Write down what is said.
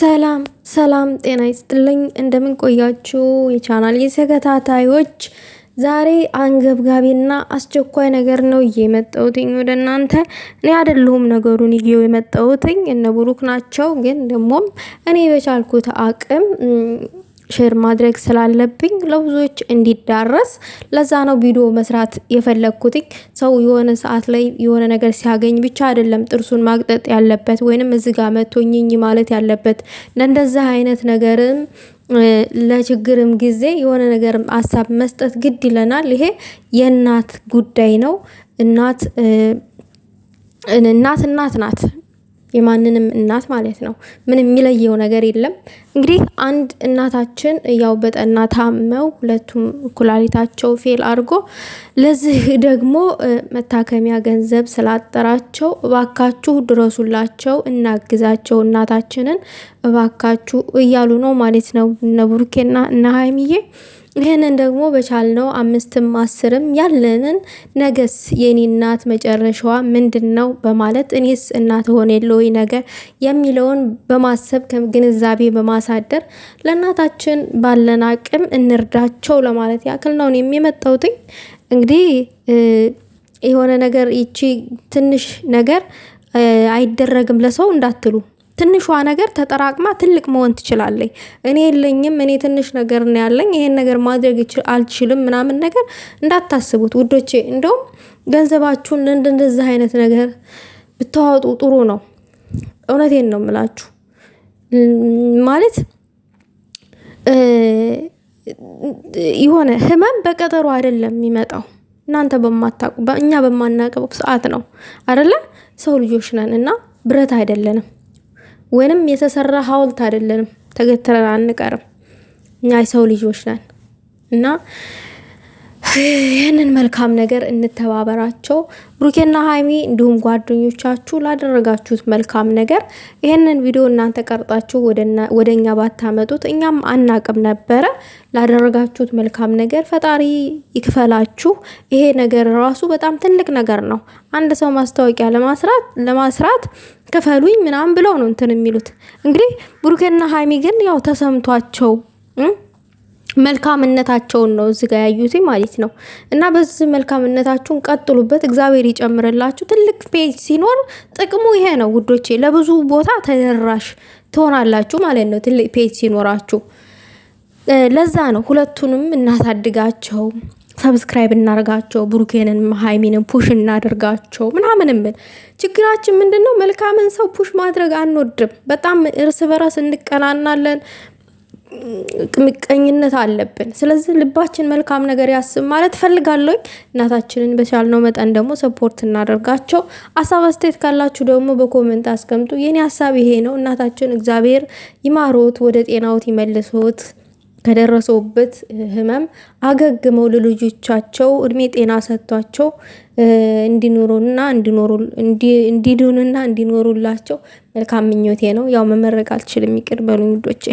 ሰላም ሰላም፣ ጤና ይስጥልኝ። እንደምን ቆያችሁ የቻናል ተከታታዮች? ዛሬ አንገብጋቢና አስቸኳይ ነገር ነው ይዤ የመጣሁትኝ ወደ እናንተ። እኔ አይደለሁም ነገሩን ይዤው የመጣሁትኝ እነ ብሩክ ናቸው። ግን ደግሞም እኔ በቻልኩት አቅም ሼር ማድረግ ስላለብኝ ለብዙዎች እንዲዳረስ ለዛ ነው ቪዲዮ መስራት የፈለግኩትኝ። ሰው የሆነ ሰዓት ላይ የሆነ ነገር ሲያገኝ ብቻ አይደለም ጥርሱን ማቅጠጥ ያለበት ወይንም እዚህ ጋር መቶኝኝ ማለት ያለበት ለእንደዚህ አይነት ነገርም ለችግርም ጊዜ የሆነ ነገር ሀሳብ መስጠት ግድ ይለናል። ይሄ የእናት ጉዳይ ነው። እናት እናት እናት ናት። የማንንም እናት ማለት ነው። ምን የሚለየው ነገር የለም። እንግዲህ አንድ እናታችን ያው በጠና ታመው ሁለቱም ኩላሊታቸው ፌል አድርጎ ለዚህ ደግሞ መታከሚያ ገንዘብ ስላጠራቸው እባካችሁ ድረሱላቸው፣ እናግዛቸው እናታችንን እባካችሁ እያሉ ነው ማለት ነው እነ ቡሩኬና እነ ሀይሚዬ ይህንን ደግሞ በቻልነው አምስትም አስርም ያለንን ነገስ የኔ እናት መጨረሻዋ ምንድን ነው በማለት እኔስ እናት ሆን የለወይ ነገር የሚለውን በማሰብ ግንዛቤ በማሳደር ለእናታችን ባለን አቅም እንርዳቸው ለማለት ያክል ነውን የሚመጣውትኝ። እንግዲህ የሆነ ነገር ይቺ ትንሽ ነገር አይደረግም ለሰው እንዳትሉ ትንሿ ነገር ተጠራቅማ ትልቅ መሆን ትችላለች። እኔ የለኝም፣ እኔ ትንሽ ነገር ነው ያለኝ፣ ይሄን ነገር ማድረግ አልችልም ምናምን ነገር እንዳታስቡት ውዶቼ። እንደውም ገንዘባችሁን እንደዚህ አይነት ነገር ብታወጡ ጥሩ ነው። እውነቴን ነው የምላችሁ ማለት የሆነ ህመም በቀጠሮ አይደለም የሚመጣው እናንተ በማታውቁ እኛ በማናቀበው ሰዓት ነው አደለ? ሰው ልጆች ነን እና ብረት አይደለንም። ወይንም የተሰራ ሀውልት አይደለንም። ተገትረን አንቀርም። እኛ የሰው ልጆች ነን እና ይህንን መልካም ነገር እንተባበራቸው። ብሩኬና ሀይሚ እንዲሁም ጓደኞቻችሁ ላደረጋችሁት መልካም ነገር ይህንን ቪዲዮ እናንተ ቀርጣችሁ ወደ እኛ ባታመጡት እኛም አናቅም ነበረ። ላደረጋችሁት መልካም ነገር ፈጣሪ ይክፈላችሁ። ይሄ ነገር ራሱ በጣም ትልቅ ነገር ነው። አንድ ሰው ማስታወቂያ ለማስራት ክፈሉኝ ምናምን ብለው ነው እንትን የሚሉት። እንግዲህ ብሩኬና ሀይሚ ግን ያው ተሰምቷቸው መልካምነታቸውን ነው እዚጋ ጋ ያዩት ማለት ነው። እና በዚህ መልካምነታችሁን ቀጥሉበት፣ እግዚአብሔር ይጨምርላችሁ። ትልቅ ፔጅ ሲኖር ጥቅሙ ይሄ ነው ውዶቼ፣ ለብዙ ቦታ ተደራሽ ትሆናላችሁ ማለት ነው። ትልቅ ፔጅ ሲኖራችሁ ለዛ ነው ሁለቱንም እናሳድጋቸው፣ ሰብስክራይብ እናርጋቸው፣ ብሩኬንን ሀይሚንን ፑሽ እናደርጋቸው ምናምን ምን ችግራችን ምንድን ነው? መልካምን ሰው ፑሽ ማድረግ አንወድም። በጣም እርስ በራስ እንቀናናለን። ምቀኝነት አለብን። ስለዚህ ልባችን መልካም ነገር ያስብ ማለት ፈልጋለኝ። እናታችንን በቻልነው መጠን ደግሞ ሰፖርት እናደርጋቸው። አሳብ አስተያየት ካላችሁ ደግሞ በኮመንት አስቀምጡ። የኔ ሀሳብ ይሄ ነው። እናታችን እግዚአብሔር ይማሮት፣ ወደ ጤናዎት ይመልሶት ከደረሰውበት ህመም አገግመው ለልጆቻቸው እድሜ ጤና ሰጥቷቸው እንዲኖሩና እንዲድኑና እንዲኖሩላቸው መልካም ምኞቴ ነው። ያው መመረቅ አልችልም፣ ይቅር በሉኝ ውዶቼ።